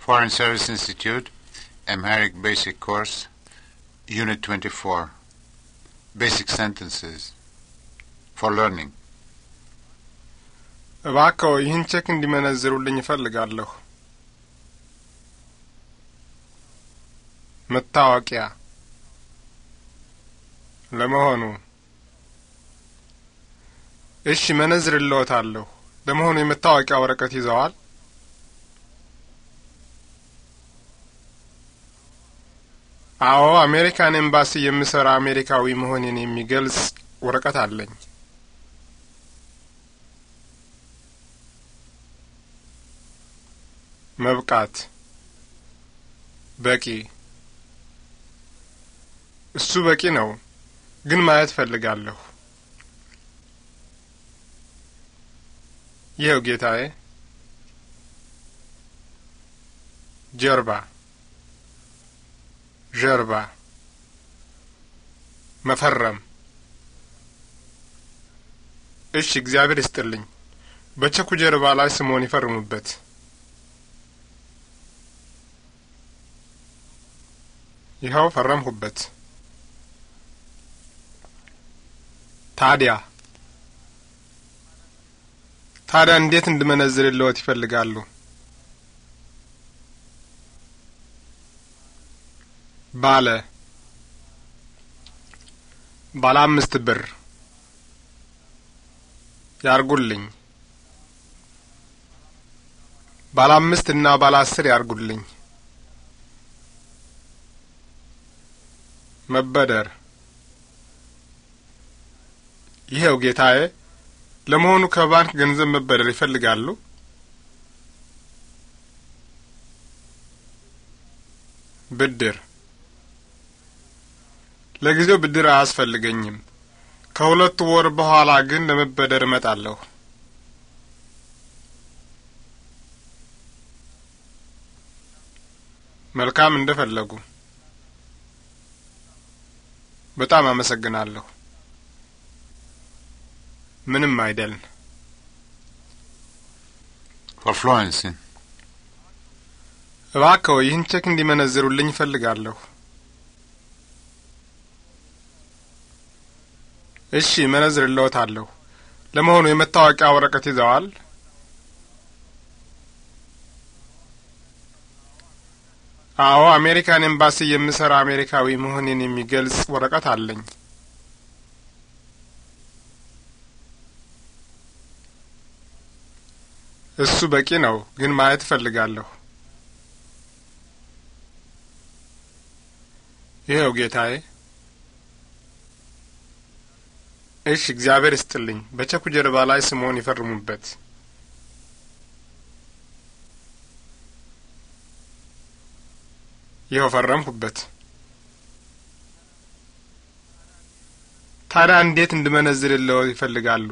Foreign Service Institute, Amharic Basic Course, Unit 24, Basic Sentences for Learning. እባክዎ ይህን ቼክ እንዲመነዝሩልኝ እፈልጋለሁ። መታወቂያ ለመሆኑ እሺ፣ መነዝር ለመሆኑ የመታወቂያ ወረቀት ይዘዋል? አዎ አሜሪካን ኤምባሲ የምሰራ አሜሪካዊ መሆኔን የሚገልጽ ወረቀት አለኝ። መብቃት በቂ እሱ በቂ ነው፣ ግን ማየት ፈልጋለሁ። ይኸው ጌታዬ ጀርባ ጀርባ መፈረም። እሺ፣ እግዚአብሔር ይስጥልኝ። በቸኩ ጀርባ ላይ ስምዎን ይፈርሙበት። ይኸው ፈረምሁበት። ታዲያ ታዲያ እንዴት እንድመነዝር ይፈልጋሉ? ባለ ባለ አምስት ብር ያርጉልኝ። ባለ አምስት እና ባለ አስር ያርጉልኝ። መበደር ይኸው ጌታዬ፣ ለመሆኑ ከባንክ ገንዘብ መበደር ይፈልጋሉ? ብድር ለጊዜው ብድር አያስፈልገኝም። ከሁለት ወር በኋላ ግን ለመበደር እመጣለሁ። መልካም፣ እንደ ፈለጉ። በጣም አመሰግናለሁ። ምንም አይደልን። ፍሎረንስ፣ እባክዎ ይህን ቼክ እንዲመነዝሩልኝ እፈልጋለሁ። እሺ መነዝር እለወታለሁ። ለመሆኑ የመታወቂያ ወረቀት ይዘዋል? አዎ፣ አሜሪካን ኤምባሲ የምሰራ አሜሪካዊ መሆኔን የሚገልጽ ወረቀት አለኝ። እሱ በቂ ነው፣ ግን ማየት እፈልጋለሁ። ይኸው ጌታዬ። እሽ እግዚአብሔር ይስጥልኝ። በቸኩ ጀርባ ላይ ስምዎን ይፈርሙበት። ይኸው ፈረምሁበት። ታዲያ እንዴት እንድመነዝርልዎ ይፈልጋሉ?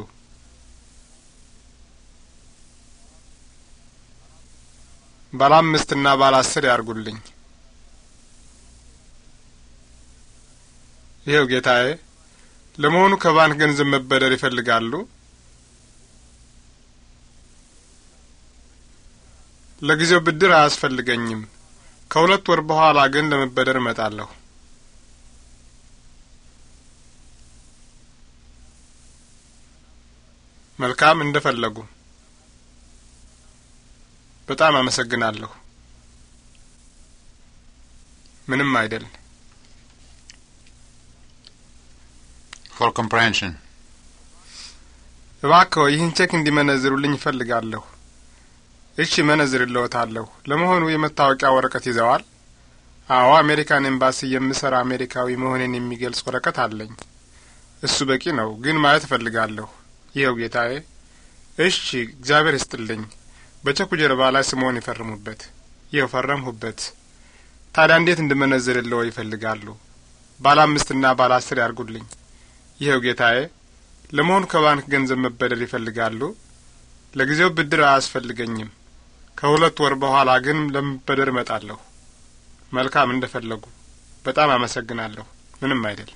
ባለ እና ባለ አስር ያርጉልኝ። ይኸው ጌታዬ ለመሆኑ ከባንክ ገንዘብ መበደር ይፈልጋሉ? ለጊዜው ብድር አያስፈልገኝም። ከሁለት ወር በኋላ ግን ለመበደር እመጣለሁ። መልካም፣ እንደ ፈለጉ። በጣም አመሰግናለሁ። ምንም አይደል። full comprehension. እባክዎ ይህን ቼክ እንዲመነዝሩልኝ ይፈልጋለሁ እሺ መነዝር ይለወታለሁ። ለመሆኑ የመታወቂያ ወረቀት ይዘዋል? አዎ፣ አሜሪካን ኤምባሲ የምሰራ አሜሪካዊ መሆኔን የሚገልጽ ወረቀት አለኝ። እሱ በቂ ነው፣ ግን ማየት እፈልጋለሁ። ይኸው ጌታዬ። እሺ፣ እግዚአብሔር ይስጥልኝ። በቸኩ ጀርባ ላይ ስምዎን ይፈርሙበት። ይኸው ፈረምሁበት። ታዲያ እንዴት እንድመነዝር ልዎ ይፈልጋሉ? ባለ አምስትና ባለ አስር ያርጉልኝ። ይኸው ጌታዬ፣ ለመሆኑ ከባንክ ገንዘብ መበደር ይፈልጋሉ? ለጊዜው ብድር አያስፈልገኝም። ከሁለት ወር በኋላ ግን ለመበደር እመጣለሁ። መልካም፣ እንደ ፈለጉ። በጣም አመሰግናለሁ። ምንም አይደል።